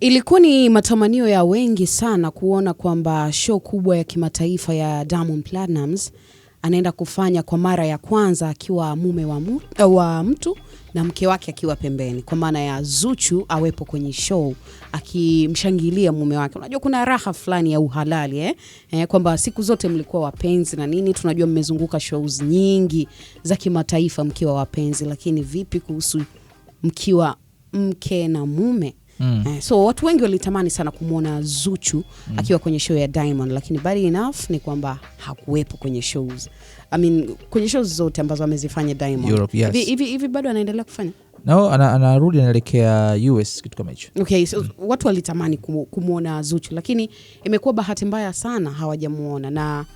Ilikuwa ni matamanio ya wengi sana kuona kwamba show kubwa ya kimataifa ya Diamond Platnumz anaenda kufanya kwa mara ya kwanza akiwa mume wa, mu, wa mtu na mke wake akiwa pembeni, kwa maana ya Zuchu awepo kwenye show akimshangilia mume wake. Unajua kuna raha fulani ya uhalali eh? Eh, kwamba siku zote mlikuwa wapenzi na nini, tunajua mmezunguka shows nyingi za kimataifa mkiwa wapenzi, lakini vipi kuhusu mkiwa mke na mume mm. Eh, so watu wengi walitamani sana kumwona Zuchu mm. akiwa kwenye show ya Diamond, lakini bad enough ni kwamba hakuwepo kwenye shows I mean, kwenye shows zote ambazo amezifanya Diamond yes. hivi, bado anaendelea kufanya no, anarudi ana anaelekea US kitu kama hicho. Okay, so mm. watu walitamani kumwona Zuchu, lakini imekuwa bahati mbaya sana hawajamwona na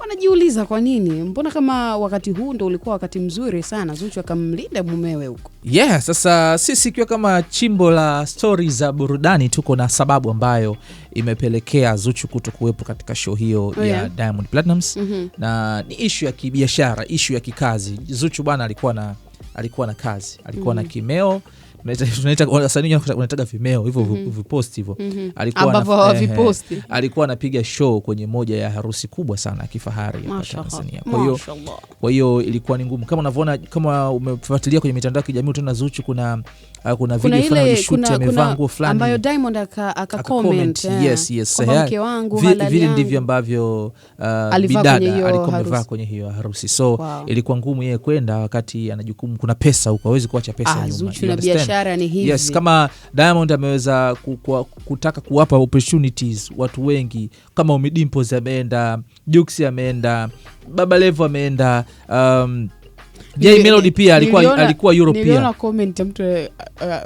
wanajiuliza kwa nini, mbona kama wakati huu ndo ulikuwa wakati mzuri sana Zuchu akamlinda mumewe huko. Yeah, sasa sisi ikiwa kama chimbo la stori za burudani tuko na sababu ambayo imepelekea Zuchu kuto kuwepo katika show hiyo oh, yeah. ya Diamond platinums mm -hmm. na ni ishu ya kibiashara, ishu ya kikazi. Zuchu bwana alikuwa na alikuwa na kazi, alikuwa mm -hmm. na kimeo wasanii vimeo hivyo mm-hmm. viposti hivo mm-hmm. eh, alikuwa anapiga show kwenye moja ya harusi kubwa sana ya kifahari Tanzania. Kwa hiyo ilikuwa ni ngumu, kama unavyoona, kama umefuatilia kwenye mitandao ya kijamii, tena Zuchu, ah, kuna kuna video amevaa nguo flanivili eh, eh, ndivyo ambavyo ah, bidada alikuwa amevaa kwenye hiyo harusi, so wow. ilikuwa ngumu yeye kwenda wakati ana jukumu kuna pesa huko, hawezi kuacha pesa ah, nyuma. Yes, kama Diamond ameweza kutaka kuwapa opportunities watu wengi kama Ommy Dimpoz ameenda, Jux ameenda, Baba Levo ameenda um, Jay Melody pia alikuwa alikuwa Europe pia. Niliona comment mtu eh,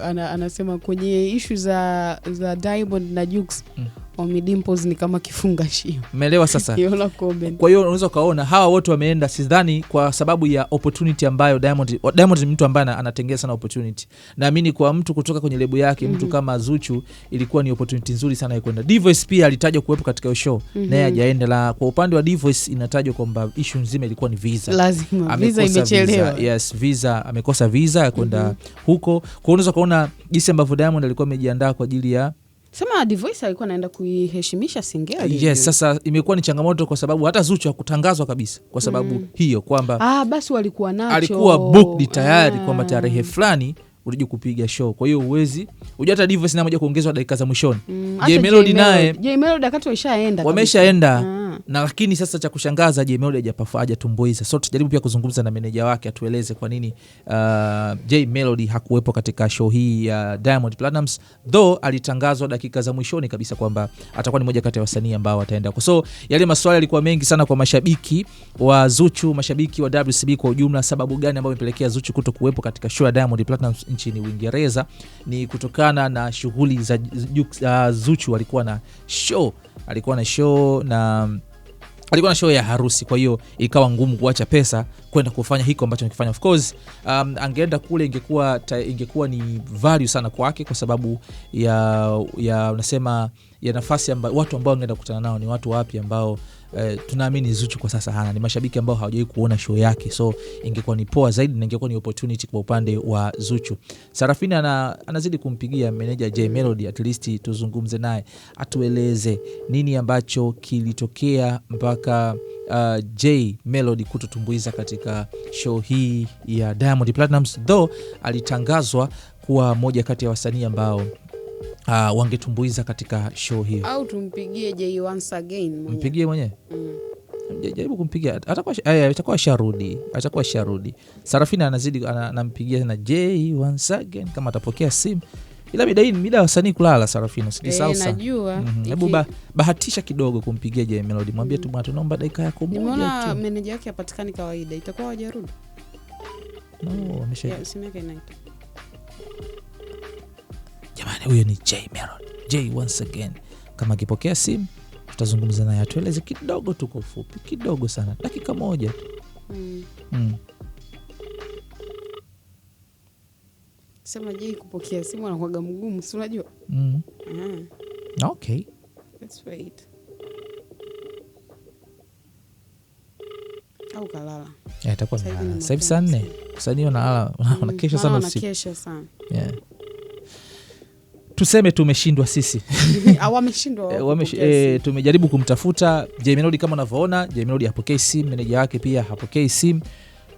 anasema kwenye issue za za Diamond na Jux mm. Ommy Dimpoz ni kama kifungashio. Umeelewa sasa? Yona comment. Kwa hiyo unaweza ukaona hawa wote wameenda, sidhani kwa sababu ya opportunity ambayo Diamond, Diamond ni mtu ambaye anatengeza sana opportunity. Naamini kwa mtu kutoka kwenye lebo yake mm -hmm. mtu mhm. kama Zuchu ilikuwa ni opportunity nzuri sana ya kwenda. Divoice pia alitajwa kuwepo katika show mm -hmm. naye hajaenda. La, kwa upande wa Divoice inatajwa kwamba issue nzima ilikuwa ni visa. Lazima visa imechelewa. Yes, visa amekosa visa ya kwenda mm -hmm. huko. Kwa hiyo unaweza ukaona jinsi ambavyo Diamond alikuwa amejiandaa kwa ajili ya Sema Divoisi alikuwa anaenda kuiheshimisha Singeli. Yes, sasa imekuwa ni changamoto kwa sababu hata Zuchu akutangazwa kabisa kwa sababu mm. hiyo kwamba ah, basi walikuwa nacho. Alikuwa booked tayari ah. kwamba tarehe fulani uliji kupiga show, kwa hiyo uwezi unajua, hata Divoisi na moja kuongezwa dakika za mwishoni mm. Jay Melody naye, Jay Melody dakika wameshaenda ah na lakini sasa cha kushangaza Jay hajatumbuiza. So tujaribu pia kuzungumza na meneja wake atueleze kwa nini uh, j Melody hakuwepo katika show hii ya uh, Diamond Platnumz, though alitangazwa dakika za mwishoni kabisa kwamba atakuwa ni moja kati ya wasanii ambao wataenda kwa. So yale maswali yalikuwa mengi sana kwa mashabiki wa Zuchu, mashabiki wa WCB kwa ujumla, sababu gani ambayo imepelekea Zuchu kuto kuwepo katika show ya Diamond Platnumz nchini Uingereza ni kutokana na shughuli za uh, Zuchu alikuwa na show alikuwa na show na alikuwa na show ya harusi, kwa hiyo ikawa ngumu kuacha pesa kwenda kufanya hiko ambacho nikifanya. Of course um, angeenda kule ingekuwa ingekuwa ni value sana kwake, kwa sababu ya ya unasema ya nafasi ambayo watu ambao angeenda kukutana nao ni watu wapi ambao Eh, tunaamini Zuchu kwa sasa hana ni mashabiki ambao hawajawai kuona show yake, so ingekuwa ni poa zaidi na ingekuwa ni opportunity kwa upande wa Zuchu. Sarafini ana, anazidi kumpigia meneja j Melody, at least tuzungumze naye atueleze nini ambacho kilitokea mpaka uh, J Melody kutotumbuiza katika show hii ya Diamond Platnumz, though alitangazwa kuwa moja kati ya wasanii ambao uh, wangetumbuiza katika show hiyo, au tumpigie Jay once again mwenye. Mpigie mwenyewe mm. Jaribu kumpigia, eh, atakuwa sharudi, atakuwa sharudi. Sarafina anazidi anampigia na Jay once again, kama atapokea simu ila mida hii mida wasanii kulala. Sarafina mm hebu bahatisha kidogo kumpigia Jay Melody, mwambie tu naomba dakika yako moja tu. Nimeona meneja yake hapatikani kawaida, itakuwa wajarudi. No, mm. yeah, Jamani, huyo ni j Meron. Jay once again, kama akipokea simu tutazungumza naye, atueleze kidogo tu kwa ufupi, kidogo sana, dakika moja tu mm. mm. Sema j kupokea simu anakwaga mgumu, si unajua mm. ah. Okay, let's au kalala itakuwa eh, nalala sahivi saa nne, saa hivi unalala unakesha mm. sana usiku tuseme tumeshindwa sisi eh, eh, tumejaribu kumtafuta Jaymelody kama unavyoona, Jaymelody hapokei simu, meneja wake pia hapokei simu,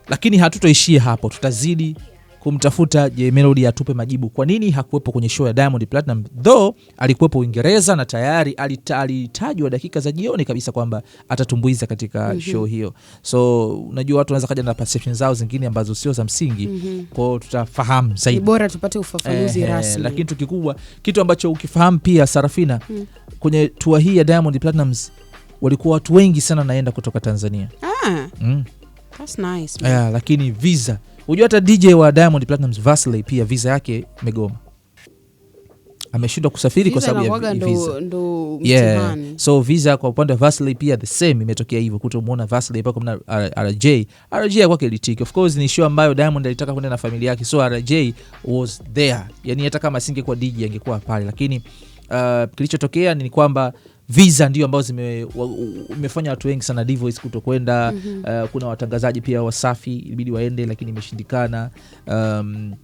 lakini hatutoishia hapo, tutazidi kumtafuta Jay Melody atupe majibu kwa nini hakuwepo kwenye show ya Diamond Platinum, though alikuwepo Uingereza na tayari alitajwa dakika za jioni kabisa kwamba atatumbuiza katika mm -hmm. show hiyo. So unajua watu wanaweza kaja na perception zao zingine ambazo sio za msingi mm -hmm. kwao, tutafahamu zaidi, bora tupate ufafanuzi eh, rasmi. Lakini tukikubwa kitu ambacho ukifahamu pia Sarafina mm. kwenye tua hii ya Diamond Platinums walikuwa watu wengi sana naenda kutoka Tanzania ah, mm. that's nice, yeah, lakini visa Unajua hata DJ wa Diamond Platnumz Vasley pia visa yake imegoma, ameshindwa kusafiri kwa sababu ya visa. Yeah. So visa kwa upande wa Vasley pia the same imetokea hivyo, kutomwona Vasley pako mna RJ. RJ kwake ilitiki, of course ni show ambayo Diamond alitaka kwenda na familia yake, so RJ was there, yani hata kama asingekuwa DJ angekuwa pale, lakini uh, kilichotokea ni kwamba visa ndio ambazo zimefanya watu wengi sana Divoice kutokwenda. mm -hmm. Uh, kuna watangazaji pia Wasafi ilibidi waende lakini imeshindikana. um,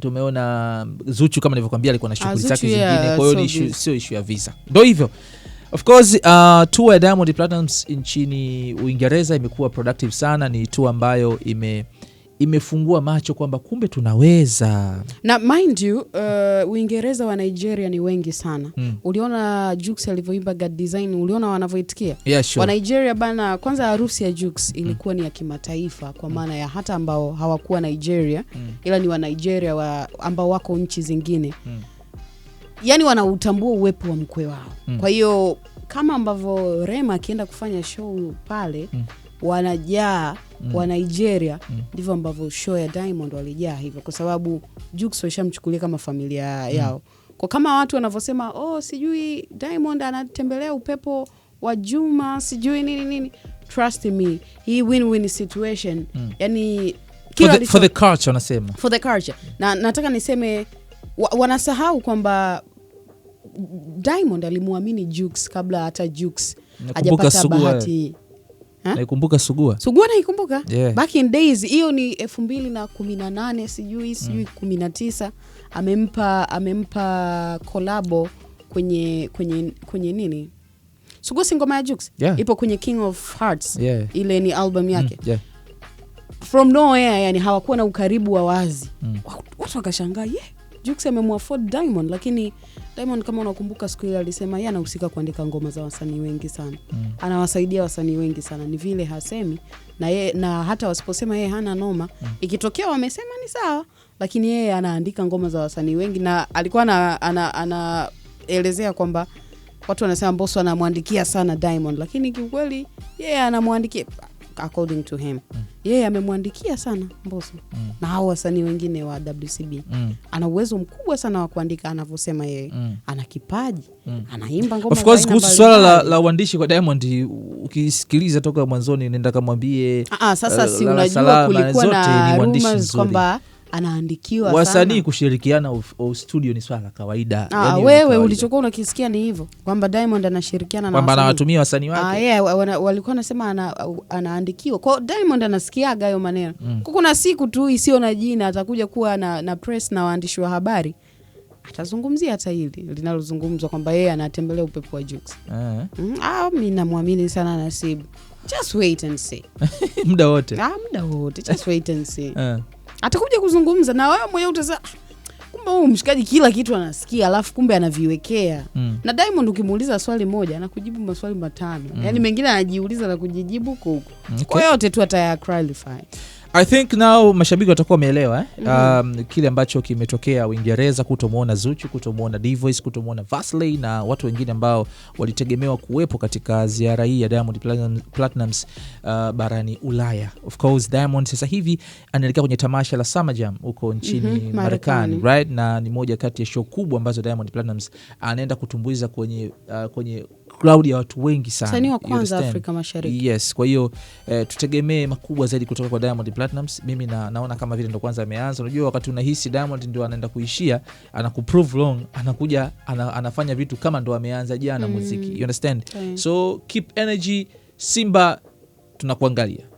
tumeona Zuchu kama nilivyokwambia alikuwa na ah, shughuli zake zingine, kwa hiyo sio ishu ya visa. Ndo hivyo of course, uh, tour ya Diamond platinums nchini Uingereza imekuwa productive sana, ni tour ambayo ime imefungua macho kwamba kumbe tunaweza na mind you, uh, Uingereza wa Nigeria ni wengi sana mm. Uliona Jux alivyoimba God Design, uliona wanavyoitikia yeah, sure. Wa Nigeria bana, kwanza harusi ya Jux hmm. ilikuwa mm. ni ya kimataifa kwa maana ya hata ambao hawakuwa Nigeria mm. ila ni wa Nigeria wa ambao wako nchi zingine mm. yani wanautambua uwepo wa mkwe wao mm. kwa hiyo kama ambavyo Rema akienda kufanya show pale mm. wanajaa mm. wa Nigeria mm. ndivyo ambavyo show ya Diamond walijaa hivyo, kwa sababu Jux washamchukulia kama familia mm. yao, kwa kama watu wanavyosema oh, sijui Diamond anatembelea upepo wa Juma sijui nini nini, trust me, hii win-win situation mm. yani for the, for the culture for the culture mm. na nataka niseme wa, wanasahau kwamba Diamond alimwamini jukes kabla hata jukes hajapata bahati eh. Eh? naikumbuka Sugua, Sugua naikumbuka yeah. Back in days hiyo ni elfu mbili na kumi na nane sijui mm. sijui kumi na tisa amempa amempa kolabo kwenye kwenye kwenye nini Sugua si ngoma ya Jux yeah. Ipo kwenye King of Hearts yeah. Ile ni album mm, yake mm, yeah. From nowhere yani hawakuwa na ukaribu wa wazi mm. Watu wakashangaa yeah Jux amemwafford Diamond, lakini Diamond kama unakumbuka siku ile alisema yeye anahusika kuandika ngoma za wasanii wengi sana mm. anawasaidia wasanii wengi sana, ni vile hasemi na, ye, na hata wasiposema yeye hana noma mm. ikitokea wamesema ni sawa, lakini yeye anaandika ngoma za wasanii wengi na alikuwa anaelezea ana, kwamba watu wanasema mboso anamwandikia sana Diamond, lakini kiukweli yeye anamwandikia according to him mm. yeye yeah, amemwandikia sana Mbosso mm. na hao wasanii wengine wa WCB mm. ana uwezo mkubwa sana wa kuandika anavyosema yeye mm. ana kipaji mm. anaimba Kuhusu swala la, la uandishi kwa Diamond, ukisikiliza toka mwanzoni, nenda kamwambie ah, ah, sasa, eh, si unajua kulikuwa na rumors kwamba anaandikiwa wasanii kushirikiana studio ni swala la kawaida. Aa, ah, yani wewe ulichokuwa unakisikia ni hivyo kwamba Diamond anashirikiana na anawatumia wasanii wake. Ah, yeah, walikuwa anasema ana, anaandikiwa kwao. Diamond anasikiaga hayo maneno mm. Kuna siku tu isiyo na jina atakuja kuwa na, na press na waandishi wa habari atazungumzia hata hili linalozungumzwa kwamba yeye anatembelea upepo wa Jux. Eh. Mm, ah, mm, mi namwamini sana Nasibu. Just wait and see. muda wote. Ah, muda wote. Just wait and see. Eh atakuja kuzungumza na wewe mwenyewe utasema ah, kumbe huyu mshikaji kila kitu anasikia, alafu kumbe anaviwekea mm. na Diamond ukimuuliza swali moja anakujibu maswali matano mm. yaani mengine anajiuliza na kujijibu huko huko okay. Mm, kwa yote tu ataya clarify I think now mashabiki watakuwa wameelewa eh? mm -hmm. Um, kile ambacho kimetokea Uingereza, kutomwona Zuchu, kutomwona dvoice kutomwona Vasley na watu wengine ambao walitegemewa kuwepo katika ziara hii ya Diamond platnams uh, barani Ulaya. Of course Diamond sasa hivi anaelekea kwenye tamasha la samajam huko nchini mm -hmm. Marekani, right? Na ni moja kati ya show kubwa ambazo Diamond Platnumz anaenda kutumbuiza kwenye, uh, kwenye cloud ya watu wengi sana, kwa hiyo eh, tutegemee makubwa zaidi kutoka kwa Diamond platnams Mimi na, naona kama vile ndo kwanza ameanza. Unajua, wakati unahisi Diamond ndio anaenda kuishia, anakuprove long anakuja ana, anafanya vitu kama ndo ameanza jana mm. muziki you understand? Okay. So keep energy Simba, tunakuangalia.